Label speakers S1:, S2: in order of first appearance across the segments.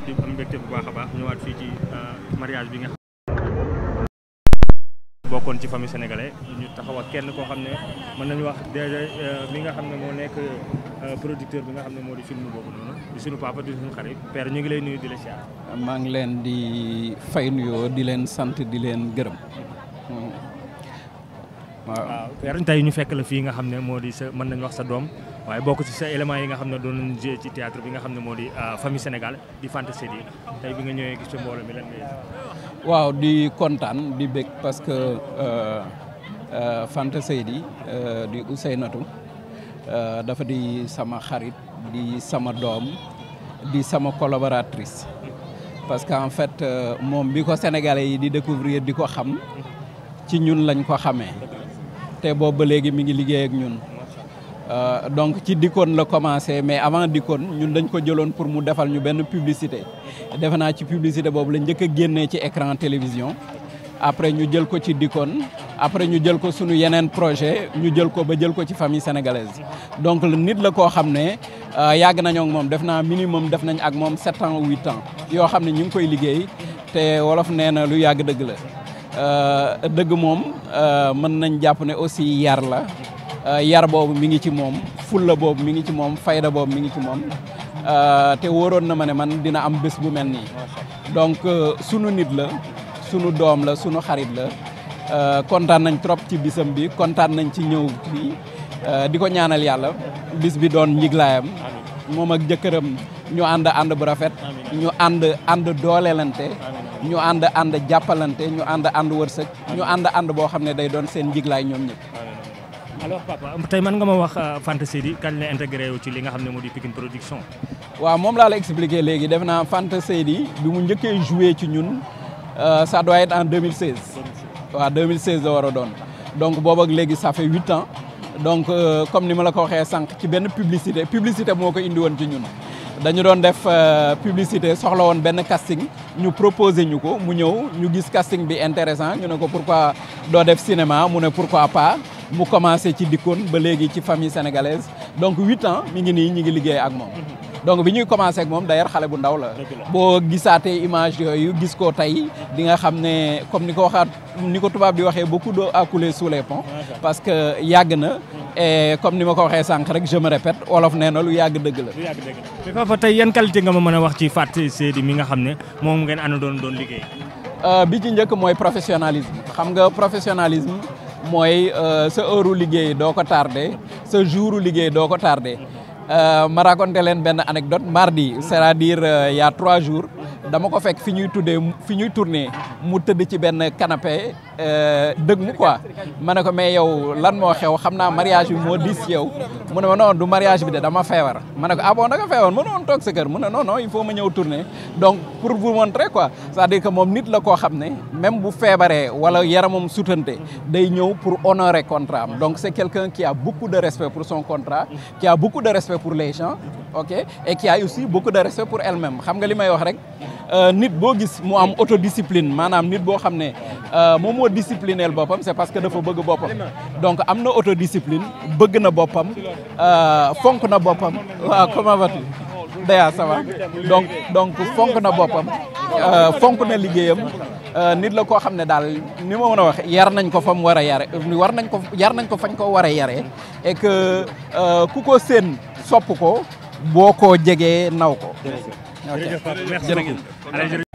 S1: ñëwaat di am mbégte bu baax a baax ñëwaat fii ci euh, mariage bi nga bokkoon ci famille sénégalais ñu taxaw ak kenn koo xam ne mën nañu wax déjà euh, mi nga xam ne moo euh, producteur bi nga xam ne di film boobu noonu di suñu papa di suñu xarit père ñu ngi lay nuyu di la siyaar
S2: maa ngi leen di fay nuyoo di leen sant di leen gërëm
S1: mm-hmm. waaw père tey ñu fekk la fii nga xam ne di sa mën nañu wax sa doom waaye bokk ci sa élément yi nga xam ne doon nañu joué ci théâtre bi nga xam ne moo di euh, famille Sénégal di fantasy yi
S2: tey bi nga ñëwee gis ci mbooloo mi lan waaw di kontaan di bég parce que euh, euh, Fanta Seydi di Ousseynatou dafa di sama xarit di sama doom di sama collaboratrice parce que en fait moom bi ko sénégalais yi di découvrir di ko xam ci ñun lañ ko xamee te boobu ba léegi mi ngi liggéeyak ak ñun Euh, donc ci dikone la commencé mais avant dikone ñun dañ ko jëlone pour mu defal ñu ben publicité defe ci publicité bobu la ñëk a génnee ci écran télévision après ñu jël ko ci dikone après ñu jël ko suñu yenen projet ñu jël ko ba jël ko ci famille sénégalaise donc le nit la ko xamné ne euh, yàgg nañoo ak mom def minimum def nañ ak mom 7 ans ou huit ans yo xamné ne ñu ngi koy liggéey té wolof néna lu yag dëgg la euh dëgg euh mën nañ japp né aussi yar la Euh, yar boobu mi ngi ci moom fulla boobu mi ngi ci moom fayda boobu mi ngi ci moom euh, te wóoroon na ma ne man dina am bés bu mel nii donc euh, sunu nit la sunu doom la sunu xarit la kontaan nañ trop ci bisam bi kontaan nañ ci ñëw bi di ko ñaanal yàlla bis bi doon njiglaayam moom ak jëkkëram ñu ànd ànd bu rafet ñu ànd ànd dooleelante ñu ànd ànd jàppalante ñu ànd ànd wërsëg ñu ànd ànd boo xam ne day doon seen njiglaay ñoom ñëpp alors papa
S1: tay man nga ma wax euh, fantasy di kan la
S2: intégré wu ci li nga xamné modi moo Pikine production. Wa mom la la expliquer légui def na fantasy, di bi mu njëkkee joué ci ñun euh, ça doit être en 2016. wa 2016 da wara don donc boobu ak légui ça fait huit ans donc euh, comme ni ma la ko waxé sank ci ben publicité publicité moko indi won ci ñun. dañu doon def publicité soxla woon benn casting ñu proposer ñuko mu ñëw ñu gis casting bi intéressant ñu ne ko pourquoi do def cinéma mu ne pourquoi pas mu commencé ci dikone ba léegi ci famille sénégalaise donc 8 ans mi ngi ni ñi ngi liggéey ak mom donc bi ñuy commencé ak mom d'ailleurs xalé bu ndaw la bo gisaatee image yooyu gis ko tay di nga xamné comme niko waxat niko tubab di waxé beaucoup d'eau à couler sous les ponts ah, parce que yag na et comme nima ko waxé sank rek je me répète wolof nee lu yag deug la lu yàgg dëgg la mais Fafa
S1: tey yan qualité nga ma mën wax ci Fatou Seydi mi nga xamné
S2: mom ngeen ànd doon doon liggéey euh, bi ci ñëk moy professionnalisme xam nga professionnalisme mooy euh, sa heure liggéey doo ko tardé sa jour liggéey doo ko tardé euh, ma raconté leen benn anecdote mardi c'est-à-dire euh, il y trois jours dama ko fekk fi ñuy tuddee fi ñuy tourner mu tëdd ci benn canapé euh, dëgg mu quoi ma ne ko mais yow lan moo xew xam naa mariage bi moo diis yow mu ne ma non du mariage bi de dama feebar ma ne ko ah bon da nga feebar mënu woon toog sa kër mu ne non non il faut ma ñëw tourner donc pour vous montrer quoi c'est-à-dire que moom nit la koo xam ne même bu feebaree wala yaramam sutante day ñëw pour honorer contrat am donc c'est quelqu'un qui a beaucoup de respect pour son contrat qui a beaucoup de respect pour les gens ok et qui a aussi beaucoup de respect pour elle-même xam nga li wax rek euh, nit bo gis mu am autodiscipline manam nit bo xamné euh mo c'est parce que dafa bëgg bopam donc amna autodiscipline bëgg na suis euh, fonk na bopam wa comment vas-tu Daya ça va donc donc fonk na euh, fonk na nit la ni yar nañ ko yar nañ ko fañ ko et que euh kuko sen boo ko jegee naw ko. jërëjëf
S1: jërëjëf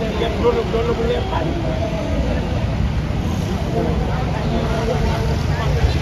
S2: Gracias.